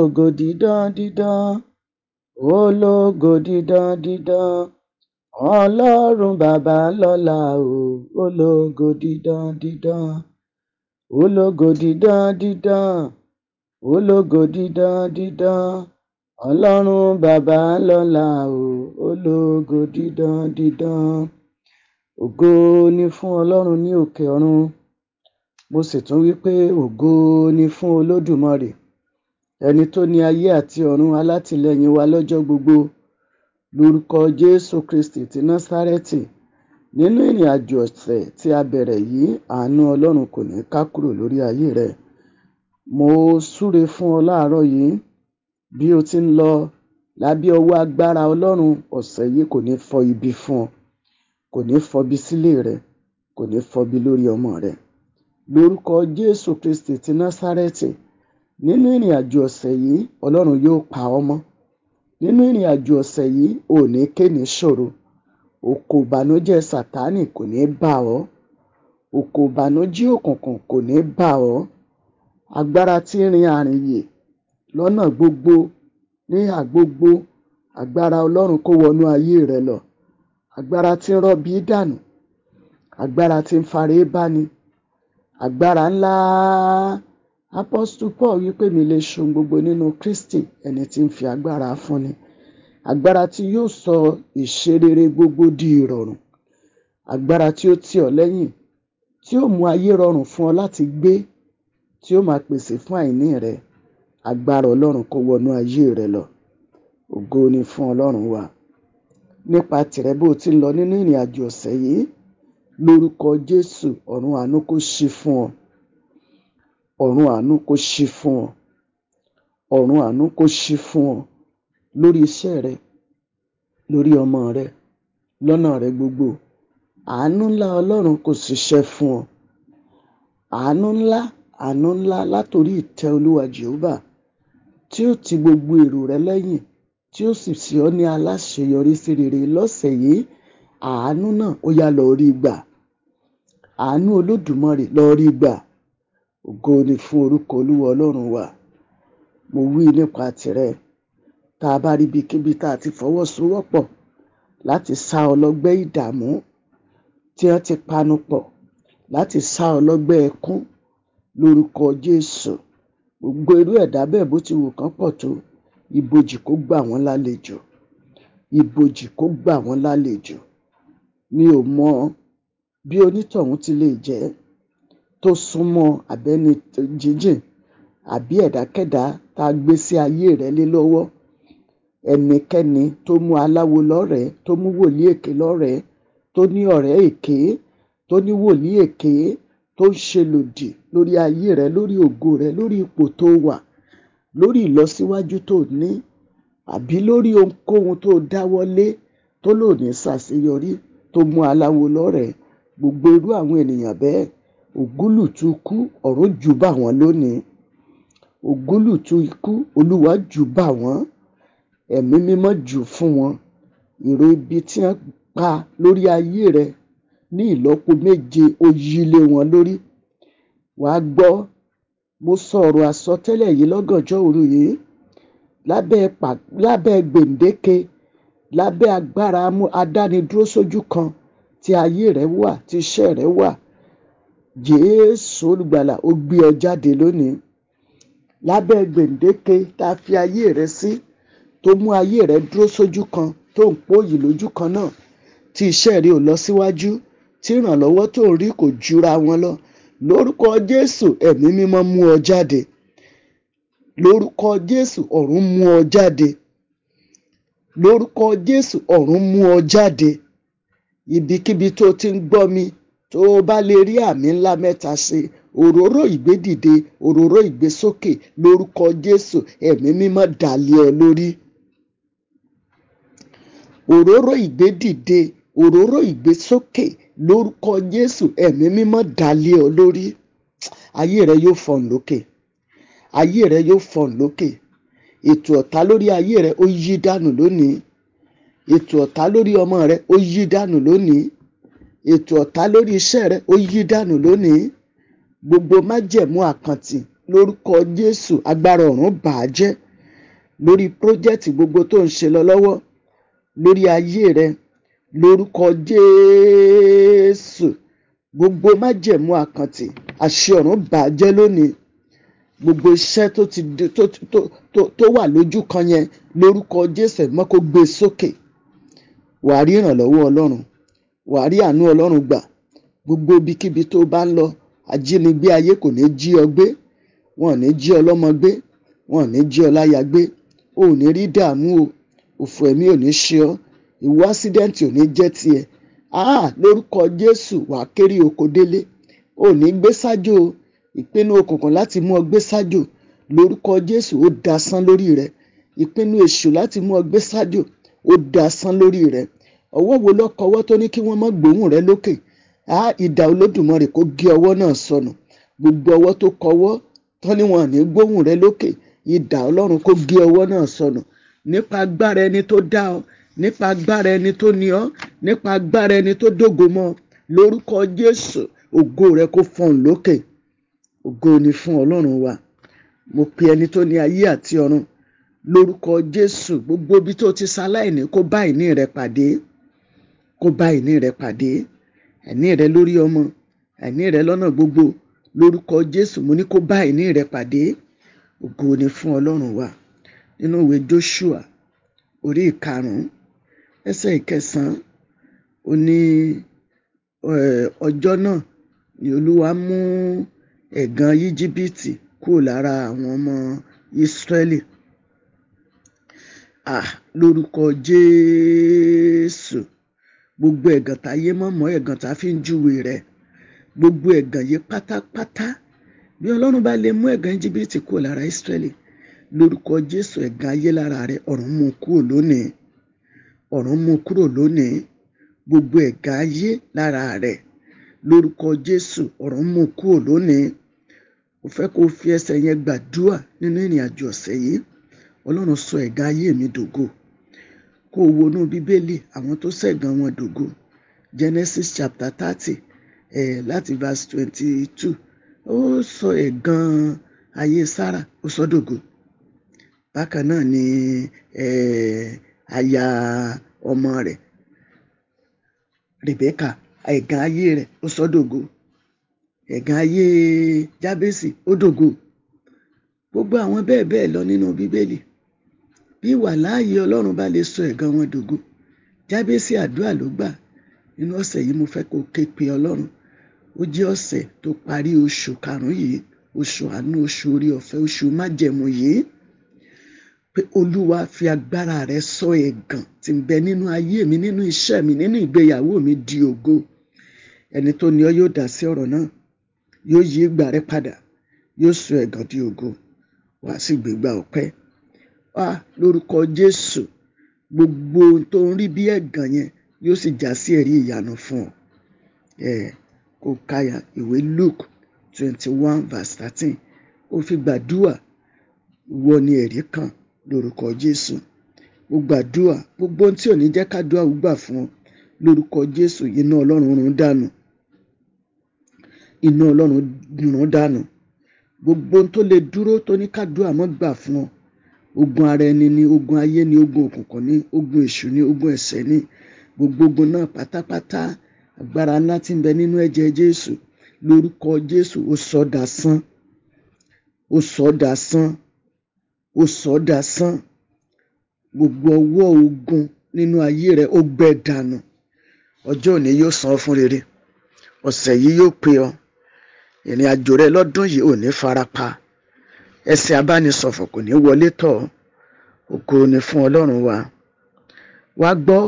ológo dídán dídán ológo dídán dídán ọlọ́run bàbá lọ́la o ológo dídán dídán ológo dídán dídán ológo dídán dídán ọlọ́run bàbá lọ́la o ológo dídán dídán ògo ni fún ọlọ́run ní òkè ọ̀run mo sì tún wí pé ògo ni fún olódùmarè ẹni tó ní ayé àti ọ̀run alátìlẹ́yìn wa lọ́jọ́ gbogbo lórúkọ jésù kristi ti násárẹ́tì nínú ìrìn àjò ọ̀sẹ̀ tí a bẹ̀rẹ̀ yìí àánú ọlọ́run kò ní ká kúrò lórí ayé rẹ mo súre fún ọ láàárọ̀ yìí bí o ti ń lọ lábẹ́ ọwọ́ agbára ọlọ́run ọ̀sẹ̀ yìí kò ní fọ ibi fún ọ kò ní fọbi sílé rẹ kò ní fọbi lórí ọmọ rẹ lórúkọ jésù kristi ti násárẹ́tì nínú ìrìn àjò ọ̀sẹ̀ yìí ọlọ́run yóò pa ọ́ mọ́ nínú ìrìn àjò ọ̀sẹ̀ yìí ò ní kéne ṣòro òkò ìbànújẹ́ sátánì kò ní bà ọ́ òkò ìbànújẹ́ òkùnkùn kò ní bà ọ́ agbára tí ń rin àrìnyè lọ́nà gbogbo níhà gbogbo agbára ọlọ́run kó wọnú ayé rẹ lọ agbára tí ń rọ́bí dànù agbára tí ń faré báni agbára ńlá Apostle Paul wípé mi lè ṣohun gbogbo nínú Kristi ẹni tí ń fi agbára fúnni. Agbára tí yóò sọ ìṣerere gbogbo di ìrọ̀rùn. Agbára tí ó tì ọ́ lẹ́yìn, tí ó mú ayé rọrùn fún ọ láti gbé, tí ó máa pèsè fún àìní rẹ. Agbára Ọlọ́run kó wọnú ayé rẹ lọ. Ògo ni fún Ọlọ́run wa. Nípa tìrẹ bó o ti ń lọ nínú ìrìnàjò ọ̀sẹ̀ yìí, lórúkọ Jésù, ọ̀run àánú kó ṣí fún ọ ọ̀run àánú kó ṣí fún ọ ọ̀run àánú kó ṣí fún ọ lórí iṣẹ́ rẹ lórí ọmọ rẹ lọ́nà rẹ gbogbo àánú ńlá ọlọ́run kò ṣiṣẹ́ fún ọ àánú ńlá àánú ńlá látòrí ìtẹ́ olúwa jehova tí ó ti gbogbo èrò rẹ lẹ́yìn tí ó sì ṣe ọ́ ní aláṣeyọrí sí rere lọ́sẹ̀ yìí àánú náà ó yá lọ rí gbà àánú olódùmarè lọ rí gbà ògo ni fún orúkọ olúwa ọlọ́run wa mo wí nípa tìrẹ tá a bá rí ibikíbi tá a ti fọwọ́sowọ́pọ̀ láti sá ọlọ́gbẹ́ ìdààmú tí wọ́n ti panupọ̀ láti sá ọlọ́gbẹ́ ẹkún lórúkọ jésù gbogbo irú ẹ̀dá bẹ́ẹ̀ bó ti wù kán pọ̀ tó ibojì kó gbà wọ́n lálejò ibojì kó gbà wọ́n lálejò mi ò mọ bí onítọ̀hún ti lè jẹ́ tó súnmọ́ àbẹ́ni jíjìn àbí ẹ̀dákẹ́dá tá a gbé sí ayé rẹ lé lọ́wọ́ ẹnikẹ́ni tó mú aláwo lọ́rẹ̀ẹ́ tó mú wòlíì èké lọ́rẹ̀ẹ́ tó ní ọ̀rẹ́ èké tó ní wòlíì èké tó ń ṣe lòdì lórí ayé rẹ lórí ògo rẹ lórí ipò tó wà lórí ìlọsíwájú tó ní àbí lórí ohunkóhun tó dáwọ́lé tó lò ní ṣàṣeyọrí tó mú aláwo lọ́rẹ̀ẹ́ gbogbo irú àwọn ènìyàn bẹ́ẹ̀ ògúlùtù ikú ọ̀run ó jù ú bà wọ́n lónìí ògúlùtù ikú olúwa jù ú bà wọ́n ẹ̀mí mímọ́ jù ú fún wọn ìró ibi tí wọ́n pa lórí ayé rẹ ní ìlọ́po méje ó yí lé wọn lórí wàá gbọ́ mo sọ ọ̀rọ̀ àsọtẹ́lẹ̀ yìí lọ́gànjọ́ òru yìí lábẹ́ gbèǹdéke lábẹ́ agbára adánidúró sójú kan tí ayé rẹ wà tí iṣẹ́ rẹ wà Jésù olùgbàlà ó gbé ọ jáde lónìí lábẹ́ gbèǹdéke tá a fi ayé rẹ sí tó mú ayé rẹ dúró sójú kan tó ń pòyì lójú kan náà tí iṣẹ́ rẹ ò lọ síwájú tí ìrànlọ́wọ́ tó ń rí kò jura wọn lọ lórúkọ Jésù ẹ̀mí mímọ́ mú ọ jáde lórúkọ Jésù ọ̀run mú ọ jáde lórúkọ Jésù ọ̀run mú ọ jáde ibikíbi tó ti ń gbọ́ mi tó o bá lè rí àmì ńlá mẹ́ta ṣe òróró ìgbédìde òróró ìgbésókè lórúkọ Jésù ẹ̀mí mímọ́ dàlẹ́ ọ lórí òróró ìgbédìde òróró ìgbésókè lórúkọ Jésù ẹ̀mí mímọ́ dàlẹ́ ọ lórí ayé rẹ yóò fọ̀n lókè ayé rẹ yóò fọ̀n lókè ètò ọ̀tá lórí ayé rẹ ó yí dànù lónìí ètò ọ̀tá lórí ọmọ rẹ ó yí dànù lónìí ètò ọ̀tá lórí iṣẹ́ rẹ ó yí dànù lónìí gbogbo májẹ̀mú àkàntì lórúkọ Jésù agbára ọ̀run bà á jẹ́ lórí prójẹ́tì gbogbo tó ń ṣe lọ lọ́wọ́ lórí ayé rẹ lórúkọ Jésù gbogbo májẹ̀mú àkàntì àṣẹ ọ̀run bà á jẹ́ lónìí gbogbo iṣẹ́ tó ti tó tó tó tó wà lójú kan yẹn lórúkọ Jésù ẹ̀mọ́ kó gbé e sókè wàá rí ìrànlọ́wọ́ Ọlọ́run wàá rí àánú ọlọ́run gbà gbogbo ibikíbi tó bá lọ ajínigbé ayé kò ní jí ọ gbé wọn ò ní jí ọ lọ́mọ gbé wọn ò ní jí ọ láya gbé o ò ní rí dààmú o òfò ẹ̀mí ò ní ṣe ọ ìwọ ásídẹ́ǹtì ò ní jẹ́ tiẹ̀ áà lórúkọ jésù wàá kéré oko délé o ò ní gbé sájò ìpinnu òkùnkùn láti mú ọ gbé sájò lórúkọ jésù ó dasán lórí rẹ ìpinnu èṣù láti mú ọ gbé sájò ó dasán lórí rẹ ọwọ́ wo ló kọwọ́ tó ní kí wọ́n má gbóhùn rẹ lókè á idà olódùmarè kó gé ọwọ́ náà sọnù gbogbo ọwọ́ tó kọwọ́ tán ni wọn ní gbóhùn rẹ lókè idà ọlọ́run kó gé ọwọ́ náà sọnù nípa agbára ẹni tó dá ọ nípa agbára ẹni tó ní ọ nípa agbára ẹni tó dógo mọ́ lórúkọ jésù ògo rẹ kó fọhùn lókè ògo ni fún ọlọ́run wa mo pe ẹni tó ní ayé àti ọ̀run lórúkọ jésù gbogbo ibi tó ti ṣaláìní kó bá ìní rẹ pàdé kó bá ìní rẹ pàdé àìní rẹ lórí ọmọ àìní rẹ lọ́nà gbogbo lórúkọ jésù mo ní kó bá ìní rẹ pàdé ògo ni fún ọlọ́run wa nínú ìwé joshua orí ìkarùnún ẹsẹ̀ ìkẹsànán ó ní ọjọ́ náà ni olúwa mú ẹ̀gàn íjíbítì kúrò lára àwọn ọmọ ísírẹ́lì ah lórúkọ jésù gbogbo ẹ̀gàn táyé mọ̀mọ́ ẹ̀gàn tá a fi ń júwe rẹ̀ gbogbo ẹ̀gàn yìí pátápátá bí ọlọ́run bá lè mú ẹ̀gàn íjíbítì kúrò lára ìsírẹ́lì lórúkọ jésù ẹ̀gàn ayé lára rẹ̀ ọ̀run mú kúrò lónìí ọ̀run mú kúrò lónìí gbogbo ẹ̀gàn ayé lára rẹ̀ lórúkọ jésù ọ̀run mú kúrò lónìí mo fẹ́ kó fi ẹsẹ̀ yẹn gbàdúrà nínú ìrìn àjò ọ̀sẹ̀ yìí ọlọ́run sọ ẹ̀gàn ayé mi dògo kó o wọnú bíbélì àwọn tó ṣẹ̀gàn wọn dógo genesis chapter thirty um láti verse twenty-two ó sọ ẹ̀gàn ayé sarah ó sọ dógo bákan náà ni um aya ọmọ rẹ̀ rebeka ẹ̀gàn ayé rẹ̀ ó sọ dógo ẹ̀gàn ayé jábésì ó dógo gbogbo àwọn bẹ́ẹ̀ bẹ́ẹ̀ lọ nínú bíbélì bí ìwàláàyè ọlọ́run bá lè sọ ẹ̀gàn wọn dògo jábésì àdúrà ló gbà nínú ọ̀sẹ̀ yìí mo fẹ́ kó ké pe ọlọ́run ó jẹ́ ọ̀sẹ̀ tó parí oṣù karùn-ún yìí oṣù àánú oṣù orí ọ̀fẹ́ oṣù májẹ̀mú yìí pé olúwa fi agbára rẹ sọ ẹ̀gàn tí bẹ nínú ayé mi nínú iṣẹ́ mi nínú ìgbéyàwó mi di ògo ẹni tó ní ọ yóò dá sí ọ̀rọ̀ náà yóò yí ìgbà rẹ padà yóò sọ ẹ̀gàn di ògo wàá sì gbégbá ọpẹ́ wá lórúkọ Jésù gbogbo ohun tó ń rí bí ẹ̀gàn yẹn yóò sì já sí ẹ̀rí ìyanu fún ọ. Ẹ kò káyà ìwé Luke twenty one verse thirteen kò fi gbàdúà ìwọ ni ẹ̀rí kan lórúkọ Jésù. Mo gbàdúà gbogbo ohun tí ò ní jẹ́ kádùá ò gbà fún ọ lórúkọ Jésù iná Ọlọ́run run dànù. Iná Ọlọ́run run dànù. Gbogbo ohun tó lè dúró tó ní kádùá mọ́ gbà fún ọ ogun ara ẹni ni ogun ayé ni ogun òkùnkùn ni ogun èṣù ni ogun ẹ̀ṣẹ̀ ni gbogbo ogun náà pátápátá agbára ńlá tí ń bẹ nínú ẹ̀jẹ̀ jésù lórúkọ jésù ó sọ dàsán ó sọ ó sọ gbogbo ọwọ́ ogun nínú ayé rẹ ó gbẹ dànù ọjọ́ òní yóò san ọ́ fún rere ọ̀sẹ̀ yìí yóò pe ọ ìrìn àjò rẹ lọ́dún yìí ò ní farapa ẹ̀sìn abánisọ̀fọ̀ kò ní wọlé tọ̀ ògo ni fún ọlọ́run wa wá gbọ́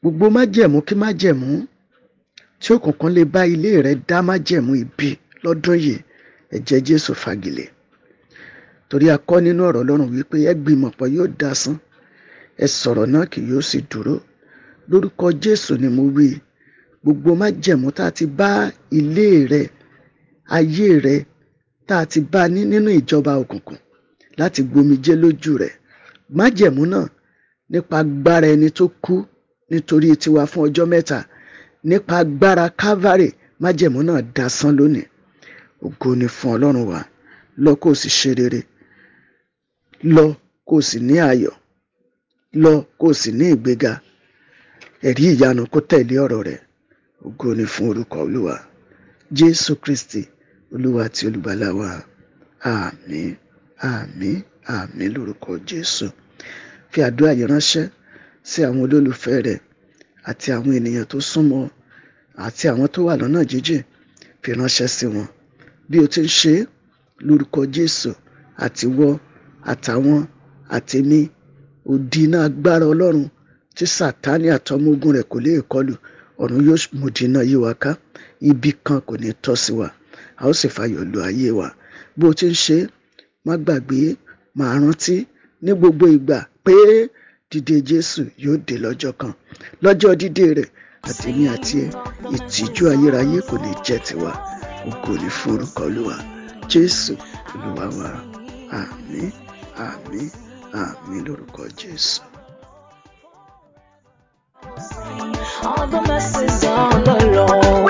gbogbo májẹ̀mú kí májẹ̀mú tí òkùnkùn lè bá ilé rẹ dá májẹ̀mú ibi lọ́dún yìí ẹ̀jẹ̀ jésù fagilé torí a kọ́ nínú ọ̀rọ̀ ọlọ́run wípé ẹ gbìmọ̀ pọ̀ yóò dasán ẹ sọ̀rọ̀ náà kì yóò sì dúró lórúkọ jésù ni mo wí gbogbo májẹ̀mú tá a ti bá ilé rẹ ayé rẹ tá a ti bá a ní nínú ìjọba òkùnkùn láti gbomijé lójú rẹ májẹmú náà nípa agbára ẹni tó kú nítorí tiwa fún ọjọ́ mẹ́ta nípa agbára Calvary májẹmú náà dasán lónìí ògo ni fún Ọlọ́run wa lọ kó o sì ṣe rere lọ kó o sì ní ayọ̀ lọ kó o sì ní ìgbéga ẹ̀rí ìyanu kó tẹ̀lé ọ̀rọ̀ rẹ̀ ògo ni fún orúkọ Olúwa Jésù Kristi olúwa àti olùgbàlà wa àmín àmín lórúkọ jésù fi àdúrà yìí ránṣẹ́ sí àwọn olólùfẹ́ rẹ àti àwọn ènìyàn tó súnmọ́ àti àwọn tó wà lọ́nà jíjìn fi ránṣẹ́ sí wọn bí o ti ń ṣe lórúkọ jésù àtiwọ àtàwọn àtẹmí òdì iná agbára ọlọ́run tí sátánì àtọmọogun rẹ̀ kò lè kọlù ọ̀run yóò mòdì iná ká ibi kan kò ní tọ́ sí wa a ó sì fayọ̀ lu ayé wa bó o ti ń ṣe má gbàgbé máa rántí ní gbogbo ìgbà pé dídé Jésù yóò dé lọ́jọ́ kan lọ́jọ́ dídé rẹ̀ àtẹ̀mí àti ìtìjú ayérayé kò ní jẹ́ tiwa ògo ní fún orúkọ Jésù Olúwa wa àmín àmín àmín lórúkọ Jésù. All the mercies on the Lord.